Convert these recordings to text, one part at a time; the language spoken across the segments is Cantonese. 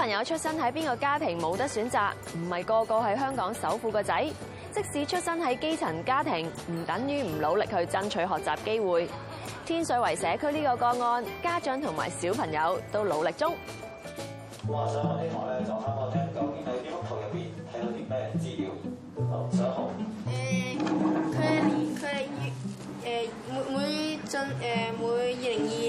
小朋友出生喺邊個家庭冇得選擇，唔係個個係香港首富個仔。即使出生喺基層家庭，唔等於唔努力去爭取學習機會。天水圍社區呢個個案，家長同埋小朋友都努力中。我想問呢學咧，就啱啱聽，究竟喺呢幅圖入邊睇到啲咩資料？想學？誒，佢係佢係要誒，每每進誒，每二零二。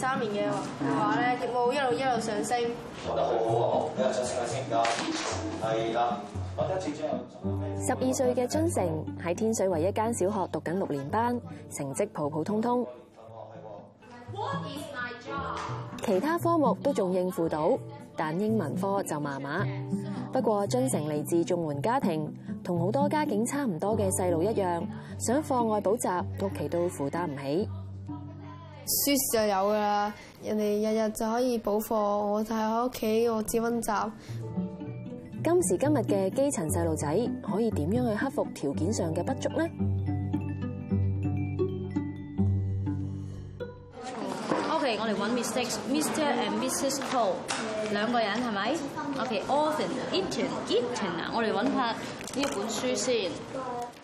三年嘅話咧，業務一路一路上升，做得好好啊！好，一路上升緊先㗎，係啦。我一次將十二歲嘅津成喺天水圍一間小學讀緊六年班，成績普普通通。其他科目都仲應付到，但英文科就麻麻。不過津成嚟自綜援家庭，同好多家境差唔多嘅細路一樣，想課外補習屋企都負擔唔起。書就有㗎喇，人哋日日就可以補課，我就係喺屋企我只溫習。今時今日嘅基層細路仔可以點樣去克服條件上嘅不足呢？O K，我哋揾 mistakes，Mr. and Mrs. Paul 兩個人係咪？O K，often，inten，getting 啊，我哋揾下呢本書先。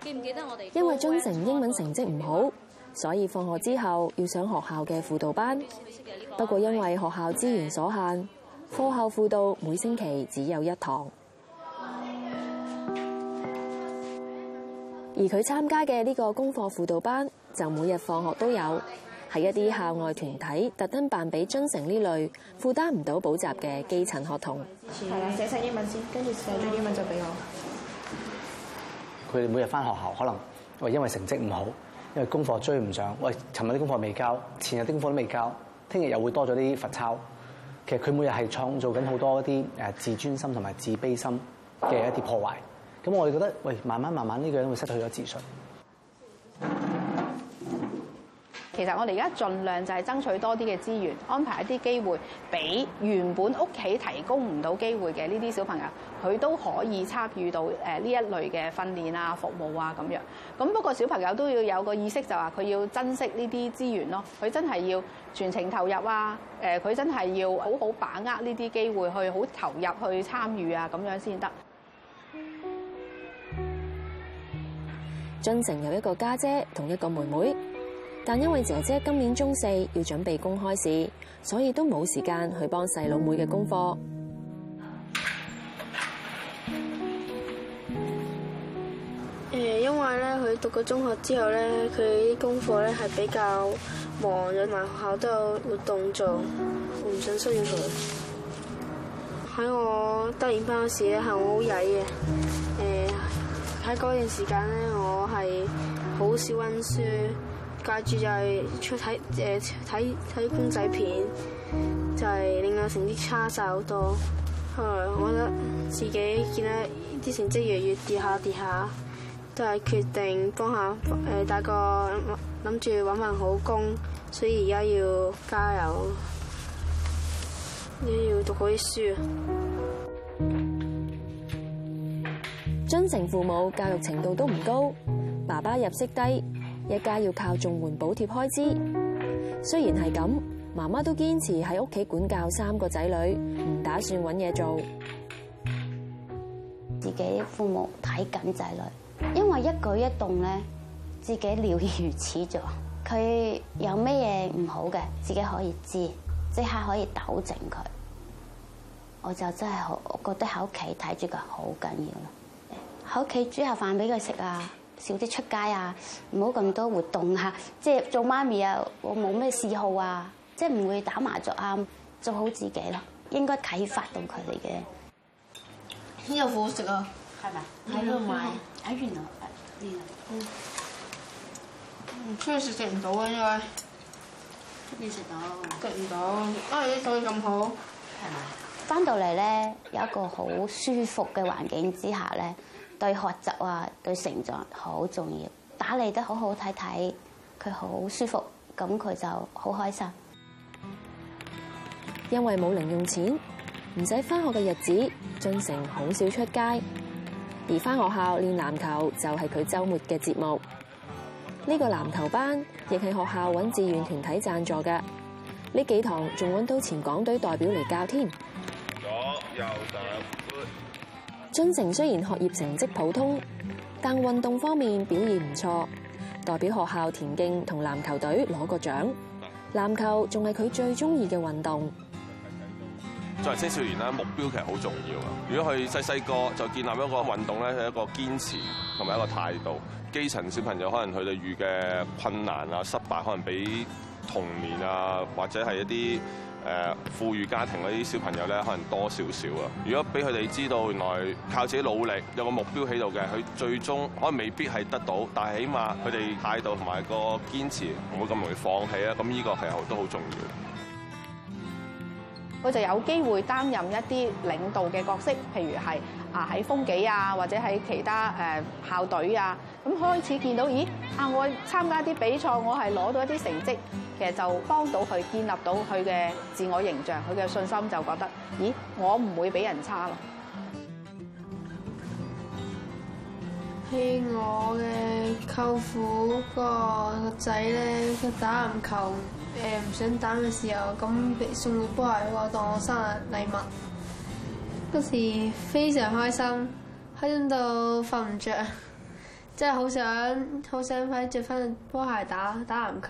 記唔記得我哋？因為張成英文成績唔好。所以放學之後要上學校嘅輔導班，不過因為學校資源所限，課後輔導每星期只有一堂。而佢參加嘅呢個功課輔導班，就每日放學都有，係一啲校外團體特登辦俾津城呢類負擔唔到補習嘅基層學童。係啦，寫晒英文先，跟住寫咗英文就俾我。佢哋每日翻學校，可能喂，因為成績唔好。因為功課追唔上，喂，尋日啲功課未交，前日啲功課都未交，聽日又會多咗啲罰抄。其實佢每日係創造緊好多一啲誒自尊心同埋自卑心嘅一啲破壞。咁、oh. 我哋覺得，喂，慢慢慢慢呢個人會失去咗自信。其實我哋而家盡量就係爭取多啲嘅資源，安排一啲機會俾原本屋企提供唔到機會嘅呢啲小朋友，佢都可以參與到誒呢一類嘅訓練啊、服務啊咁樣。咁不過小朋友都要有個意識，就話佢要珍惜呢啲資源咯。佢真係要全程投入啊！誒，佢真係要好好把握呢啲機會去好投入去參與啊，咁樣先得。俊誠有一個家姐同一個妹妹。但因為姐姐今年中四要準備公開試，所以都冇時間去幫細佬妹嘅功課。誒，因為咧佢讀過中學之後咧，佢啲功課咧係比較忙，有埋學校都有活動做，我唔想需要佢。喺我得然班嗰時咧，係我好曳嘅。誒，喺嗰段時間咧，我係好少溫書。掛住就係出睇，誒，睇睇公仔片，就係、是、令我成績差晒好多的。我覺得自己見到啲成績越越跌下跌下，都係決定幫下誒，大個諗住搵份好工，所以而家要加油，都要讀好啲書。真誠父母教育程度都唔高，爸爸入息低。一家要靠綜援補貼開支，雖然係咁，媽媽都堅持喺屋企管教三個仔女，唔打算搵嘢做。自己父母睇緊仔女，因為一舉一動咧，自己了如指掌。佢有咩嘢唔好嘅，自己可以知，即刻可以糾正佢。我就真係好，我覺得喺屋企睇住佢好緊要咯。喺屋企煮下飯俾佢食啊！少啲出街啊，唔好咁多活動啊！即係做媽咪啊，我冇咩嗜好啊，即係唔會打麻雀啊，做好自己咯。應該啟發到佢哋嘅。呢個好食啊？係咪？喺邊買？喺遠啊？遠啊！出去食，食唔到啊，因為出邊食到？食唔到，啊！啲水咁好。係咪？翻到嚟咧，有一個好舒服嘅環境之下咧。對學習啊，對成長好重要。打理得好好好睇睇，佢好舒服，咁佢就好開心。因為冇零用錢，唔使翻學嘅日子，俊成好少出街。而翻學校練籃球就係佢周末嘅節目。呢個籃球班亦係學校揾志願團體贊助嘅。呢幾堂仲揾到前港隊代表嚟教添。左右上。右右津城雖然學業成績普通，但運動方面表現唔錯，代表學校田徑同籃球隊攞個獎。籃球仲係佢最中意嘅運動。作為青少年，目標其實好重要。如果佢細細個就建立一個運動咧，係一個堅持同埋一個態度。基層小朋友可能佢哋遇嘅困難啊、失敗，可能比童年啊或者係一啲。誒富裕家庭嗰啲小朋友咧，可能多少少啊。如果俾佢哋知道，原來靠自己努力有個目標喺度嘅，佢最終可能未必係得到，但係起碼佢哋態度同埋個堅持唔會咁容易放棄啊。咁呢個係好都好重要。佢就有機會擔任一啲領導嘅角色，譬如係啊喺風紀啊，或者喺其他誒校隊啊。咁開始見到，咦？啊！我參加啲比賽，我係攞到一啲成績，其實就幫到佢建立到佢嘅自我形象，佢嘅信心就覺得，咦？我唔會比人差咯。係我嘅舅父個仔咧，佢打籃球誒唔想打嘅時候，咁俾送咗波鞋俾我當我生日禮物，嗰時非常開心，開心到瞓唔着。真係好想好想快着翻波鞋，打打籃球。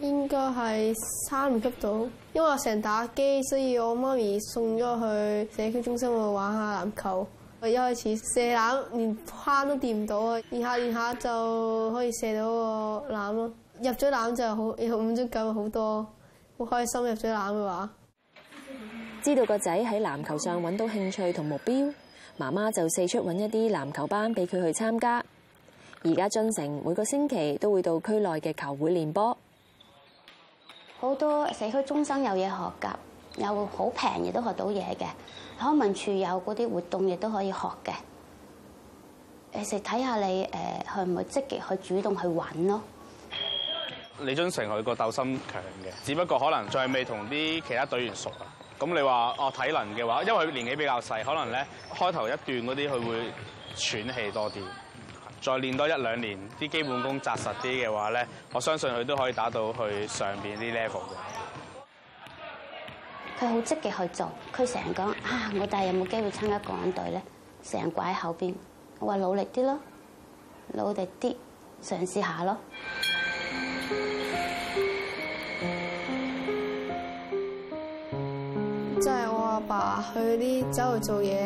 應該係三年級到，因為我成日打機，所以我媽咪送咗我去社區中心度玩下籃球。我一開始射籃連框都掂唔到啊，然後然後就可以射到個籃咯，入咗籃就好，滿足感好多，好開心入咗籃嘅話。知道個仔喺籃球上揾到興趣同目標。媽媽就四出揾一啲籃球班俾佢去參加，而家俊成每個星期都會到區內嘅球會練波。好多社區中心有嘢學㗎，有好平嘅都學到嘢嘅，康文處有嗰啲活動亦都可以學嘅。誒，食睇下你誒，去唔去積極去主動去揾咯？李俊成佢個鬥心強嘅，只不過可能再未同啲其他隊員熟啊。咁你話哦體能嘅話，因為佢年紀比較細，可能咧開頭一段嗰啲佢會喘氣多啲，再練多一兩年，啲基本功紮實啲嘅話咧，我相信佢都可以打到去上面啲 level 嘅。佢好積極去做，佢成日講啊，我第日有冇機會參加港隊咧？成日掛喺口邊，我話努力啲咯，努力啲嘗試下咯。爸去啲周圍做嘢，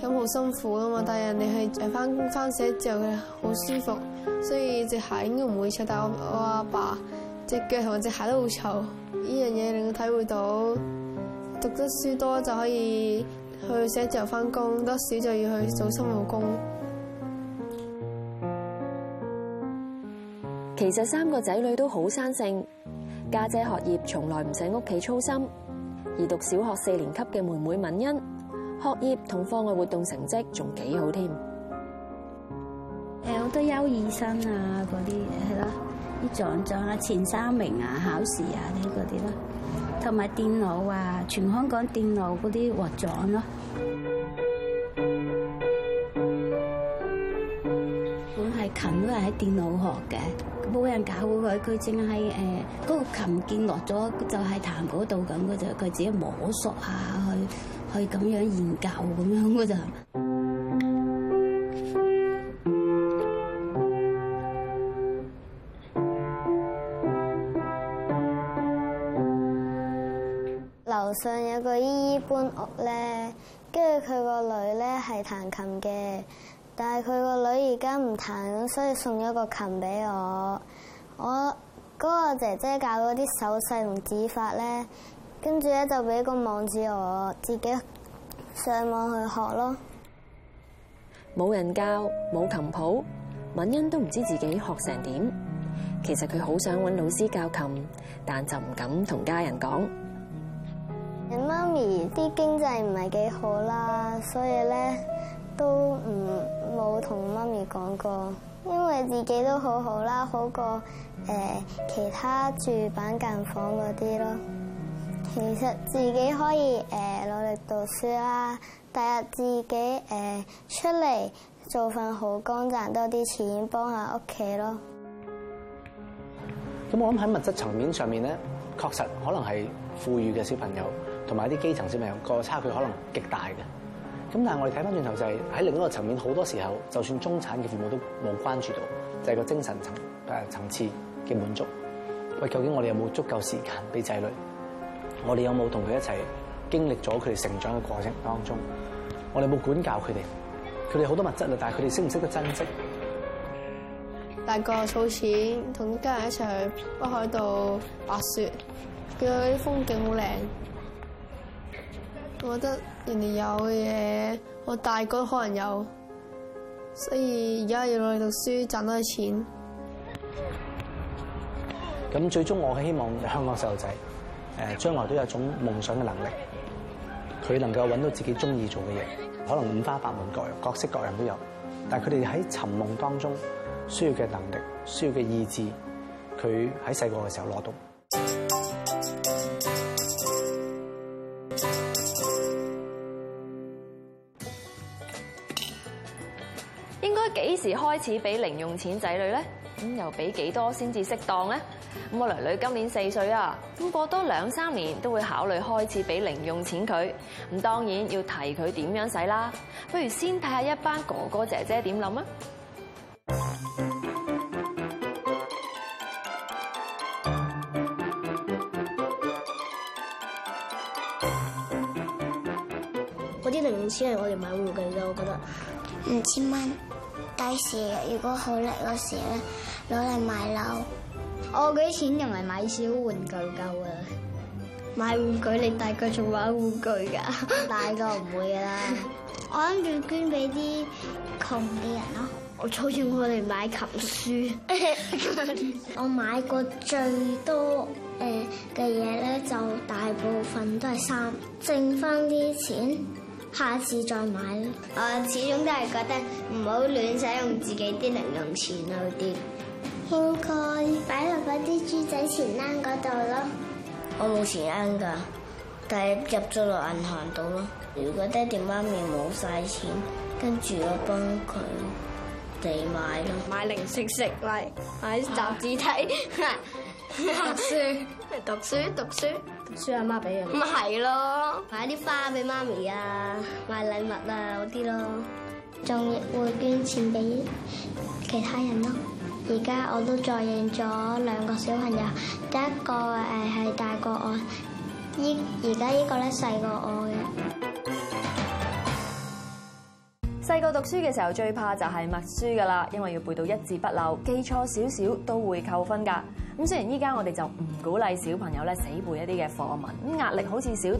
咁好辛苦噶嘛？但係人哋係翻翻寫字，嘅，好舒服，所以隻鞋應該唔會臭。但我阿爸隻腳同隻鞋都好臭，呢樣嘢令我體會到，讀得書多就可以去寫字樓翻工，得少就要去做辛勞工。其實三個仔女都好生性，家姐，姐學業從來唔使屋企操心。而讀小學四年級嘅妹妹敏恩，學業同課外活動成績仲幾好添。誒，好多優異生啊，嗰啲係咯，啲獎狀啊，前三名啊，考試啊呢啲啲咯，同埋電腦啊，全香港電腦嗰啲獲獎咯。本係近都係喺電腦學嘅。冇人教過佢，佢淨係誒嗰琴鍵落咗，就係彈嗰度咁嗰啫。佢自己摸索下去，去咁樣研究咁樣嗰啫。樓上有一個姨姨搬屋咧，跟住佢個女咧係彈琴嘅。但係佢個女而家唔彈，所以送咗個琴俾我。我嗰個姐姐教嗰啲手勢同指法咧，跟住咧就俾個網址我自己上網去學咯。冇人教，冇琴譜，敏欣都唔知自己學成點。其實佢好想搵老師教琴，但就唔敢同家人講。你媽咪啲經濟唔係幾好啦，所以咧都。我同媽咪講過，因為自己都好好啦，好過誒其他住板間房嗰啲咯。其實自己可以誒努力讀書啦，第日自己誒出嚟做份好工，賺多啲錢，幫下屋企咯。咁我諗喺物質層面上面咧，確實可能係富裕嘅小朋友同埋啲基層小朋友個差距可能極大嘅。咁但係我哋睇翻轉頭就係喺另一個層面，好多時候就算中產嘅父母都冇關注到，就係個精神層、呃、層次嘅滿足。喂，究竟我哋有冇足夠時間俾仔女？我哋有冇同佢一齊經歷咗佢哋成長嘅過程當中？我哋有冇管教佢哋？佢哋好多物質啦，但係佢哋識唔識得珍惜？大個儲錢，同家人一齊去北海道滑雪，見到啲風景好靚。我覺得人哋有嘅嘢，我大哥可能有，所以而家要努力讀書賺多啲錢。咁最終我嘅希望，香港細路仔，誒，將來都有一種夢想嘅能力，佢能夠搵到自己中意做嘅嘢，可能五花八門各、各角色各人都有，但係佢哋喺尋夢當中需要嘅能力，需要嘅意志，佢喺細個嘅時候攞到。時開始俾零用錢仔女咧，咁又俾幾多先至適當咧？咁我女女今年四歲啊，咁過多兩三年都會考慮開始俾零用錢佢。咁當然要提佢點樣使啦。不如先睇下一班哥哥姐姐點諗啊？嗰啲零用錢係我哋買護具嘅，我覺得五千蚊。第時如果好叻嗰時咧，攞嚟買樓。我、哦、啲錢用嚟買小玩具夠啊？買玩具你大個仲玩玩具噶？ 大個唔會啦。 我諗住捐俾啲窮嘅人咯。我儲錢去嚟買琴書。 我買過最多誒嘅嘢咧，就大部分都係衫，剩翻啲錢。下次再買咯。我始終都係覺得唔好亂使用自己啲零用錢好啲，應該擺落嗰啲豬仔錢罌嗰度咯。我冇錢罌㗎，但係入咗落銀行度咯。如果爹哋媽咪冇晒錢，跟住我幫佢哋買咯，買零食食咪，買雜誌睇， 讀書 讀書，讀書，讀書。書阿媽俾啊，咪係咯，買啲花俾媽咪啊，買禮物啊嗰啲咯，仲會捐錢俾其他人咯。而家我都再認咗兩個小朋友，第一個誒係大過我，依而家依個咧細過我嘅。細個讀書嘅時候最怕就係默書噶啦，因為要背到一字不漏，記錯少少都會扣分噶。咁雖然依家我哋就唔鼓勵小朋友咧死背一啲嘅課文，咁壓力好似少啲。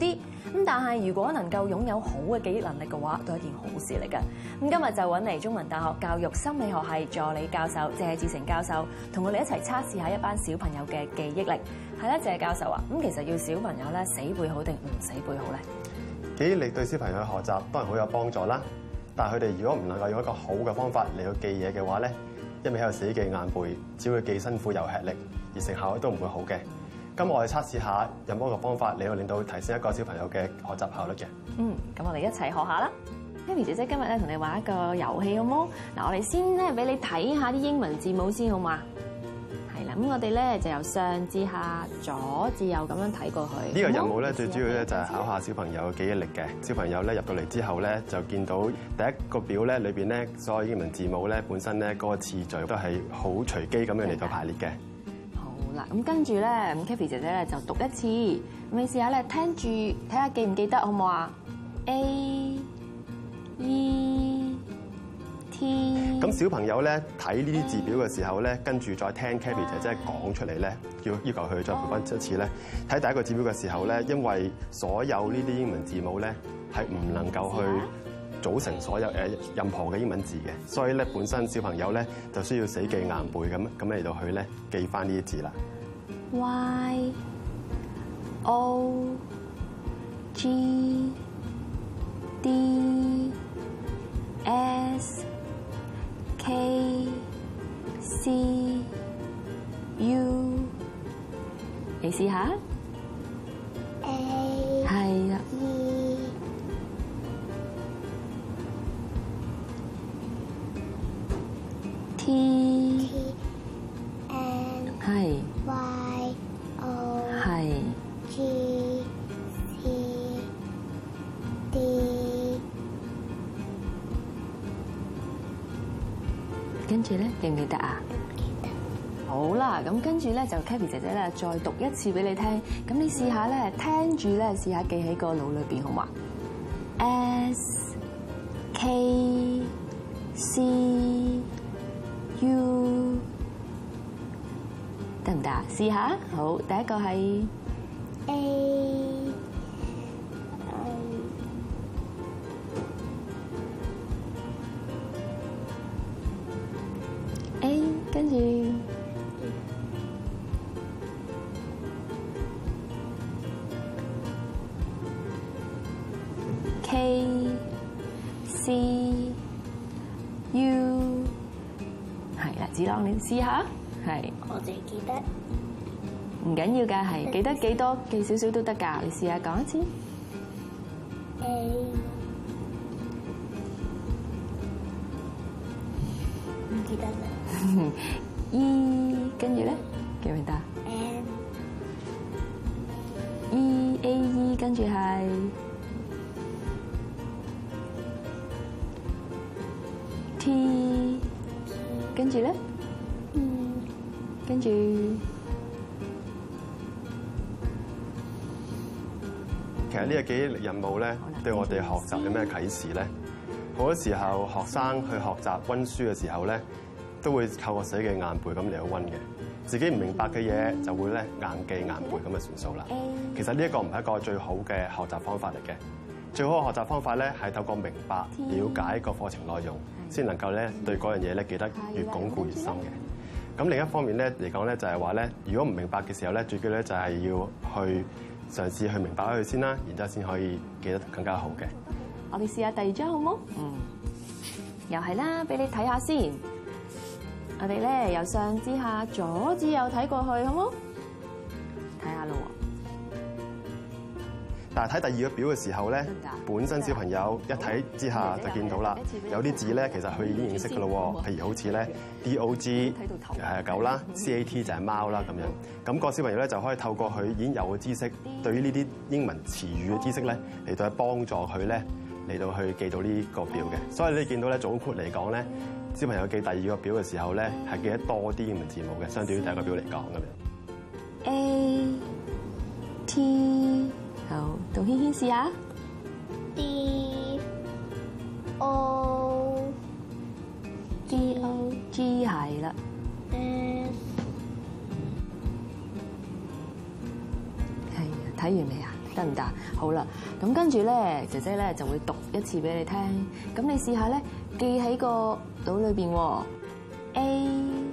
咁但係如果能夠擁有好嘅記憶能力嘅話，都係一件好事嚟㗎。咁今日就揾嚟中文大學教育心理學系助理教授謝志成教授，同我哋一齊測試下一班小朋友嘅記憶力。係啦，謝教授啊，咁其實要小朋友咧死背好定唔死背好咧？記憶力對小朋友嘅學習當然好有幫助啦。但係佢哋如果唔能夠用一個好嘅方法嚟去記嘢嘅話咧，一味喺度死記硬背，只會既辛苦又吃力。成效都唔會好嘅。咁我哋測試下有冇個方法，能夠令到提升一個小朋友嘅學習效率嘅。嗯，咁我哋一齊學下啦。Amy 姐姐今日咧同你玩一個遊戲，好冇嗱？我哋先咧俾你睇下啲英文字母先，好嘛？係啦，咁我哋咧就由上至下、左至右咁樣睇過去。呢個任務咧最主要咧就係考下小朋友嘅記憶力嘅。小朋友咧入到嚟之後咧就見到第一個表咧裏邊咧所有英文字母咧本身咧嗰個次序都係好隨機咁樣嚟到排列嘅。嗱，咁跟住咧，咁 Kathy 姐姐咧就讀一次，你試下咧聽住，睇下記唔記得好唔好啊？A、E、T。咁小朋友咧睇呢啲字表嘅時候咧，跟住再聽 Kathy 姐姐講出嚟咧，要要求佢再背翻一次咧。睇第一個字表嘅時候咧，因為所有呢啲英文字母咧係唔能夠去。試試組成所有誒任何嘅英文字嘅，所以咧本身小朋友咧就需要死記硬背咁咁嚟到去咧記返呢啲字啦。Y O G D S K C U，你試下。跟住咧，記唔記得啊？記得，好啦，咁跟住咧就 Kathy 姐姐啦，再讀一次俾你聽。咁你試下咧，聽住咧，試下記喺個腦裏邊，好嗎？S K C U 得唔得啊？試下，好，第一個係 A。K, C, U，係啦，子朗，你試下，係。我哋記得。唔緊要㗎，係記得幾多，記少少都得㗎。你試下講一次。A，唔記得啦。E，跟住咧，記唔記得？E, A, E，跟住係。跟住咧，跟住，其實呢個幾任務咧，對我哋學習有咩啟示咧？好多時候學生去學習溫書嘅時候咧，都會靠個死嘅硬背咁嚟去溫嘅，自己唔明白嘅嘢，就會咧硬記硬背咁就算數啦。其實呢一個唔係一個最好嘅學習方法嚟嘅。最好嘅學習方法咧，係透過明白、了解個課程內容，先、嗯、能夠咧對嗰樣嘢咧記得越鞏固越深嘅。咁另一方面咧嚟講咧，就係話咧，如果唔明白嘅時候咧，最緊咧就係要去嘗試去明白佢先啦，然之後先可以記得更加好嘅。我哋試下第二張好唔好？嗯，又係啦，俾你睇下先。我哋咧由上至下、左至右睇過去，好唔好？但睇第二個表嘅時候咧，本身小朋友一睇之下就見到啦，有啲字咧其實佢已經認識㗎咯喎，譬、嗯啊啊、如好似咧 D O G，係狗啦、嗯、，C A T 就係貓啦咁、嗯、樣。咁、啊、個、嗯、小朋友咧就可以透過佢已經有嘅知識，對於呢啲英文詞語嘅知識咧嚟到幫助佢咧嚟到去記到呢個表嘅。所以你見到咧總括嚟講咧，小朋友記第二個表嘅時候咧係記得多啲英文字母嘅，相對於第一個表嚟講咁樣。A T 用軒軒試下 D O D O G 係啦。S 係啊，睇完未啊？得唔得？好啦，咁跟住咧，姐姐咧就會讀一次俾你聽。咁你試下咧，記喺個腦裏邊喎。A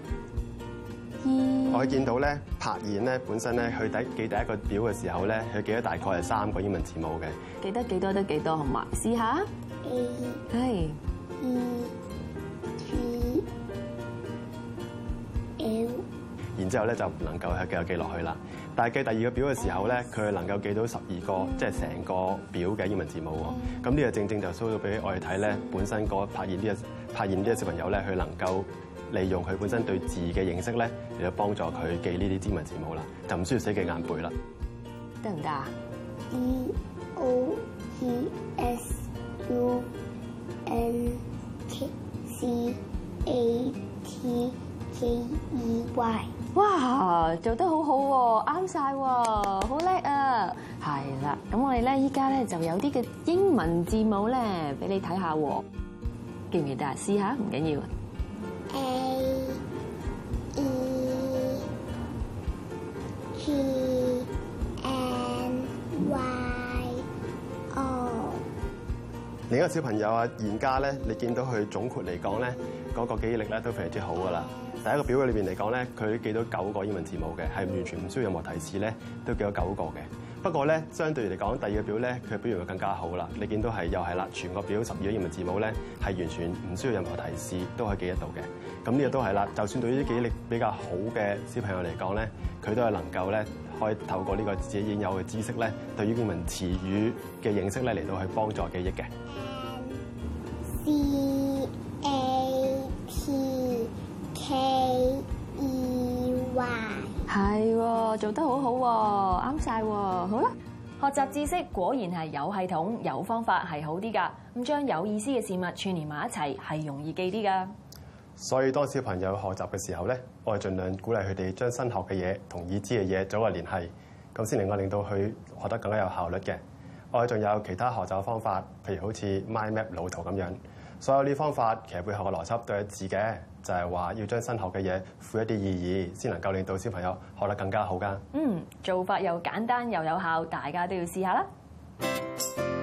我見到咧，拍演咧本身咧，佢第記第一個表嘅時候咧，佢記得大概係三個英文字母嘅。記得幾多得幾多，好嘛？試下。A。係。E。T。L。然之後咧就唔能夠係繼續記落去啦。但係記第二個表嘅時候咧，佢係能夠記到十二個，即係成個表嘅英文字母喎。咁呢個正正就 show 到俾我哋睇咧，本身個拍演呢個拍演呢個小朋友咧，佢能夠。利用佢本身對字嘅認識咧，嚟到幫助佢記呢啲英文字母啦，就唔需要死記硬背啦。得唔得啊？I O T S U N K C A T K E Y。哇，做得好好喎，啱晒喎，好叻啊！係啦，咁我哋咧依家咧就有啲嘅英文字母咧俾你睇下，記唔記得啊？試下，唔緊要。A E G N Y O。另一個小朋友啊，現家咧，你見到佢總括嚟講咧，嗰、那個記憶力咧都非常之好噶啦。第、Okay. 一個表格裏邊嚟講咧，佢記到九個英文字母嘅，係完全唔需要任何提示咧，都記到九個嘅。不過咧，相對嚟講，第二個表咧，佢表現會更加好啦。你見到係又係啦，全個表十二個英文字母咧，係完全唔需要任何提示都可以記得到嘅。咁呢個都係啦，就算對於啲記憶力比較好嘅小朋友嚟講咧，佢都係能夠咧，可以透過呢個自己已經有嘅知識咧，對於英文詞語嘅認識咧，嚟到去幫助記憶嘅。係、啊，做得好好、啊，啱晒、啊。好啦，學習知識果然係有系統、有方法係好啲噶。咁將有意思嘅事物串連埋一齊係容易記啲噶。所以，當小朋友學習嘅時候咧，我係盡量鼓勵佢哋將新學嘅嘢同已知嘅嘢組合聯繫，咁先能夠令到佢學得更加有效率嘅。我哋仲有其他學習方法，譬如好似 mind map 腦圖咁樣。所有呢方法其實背後嘅邏輯都係一致嘅，就係話要將新學嘅嘢賦一啲意義，先能夠令到小朋友學得更加好㗎。嗯，做法又簡單又有效，大家都要試下啦。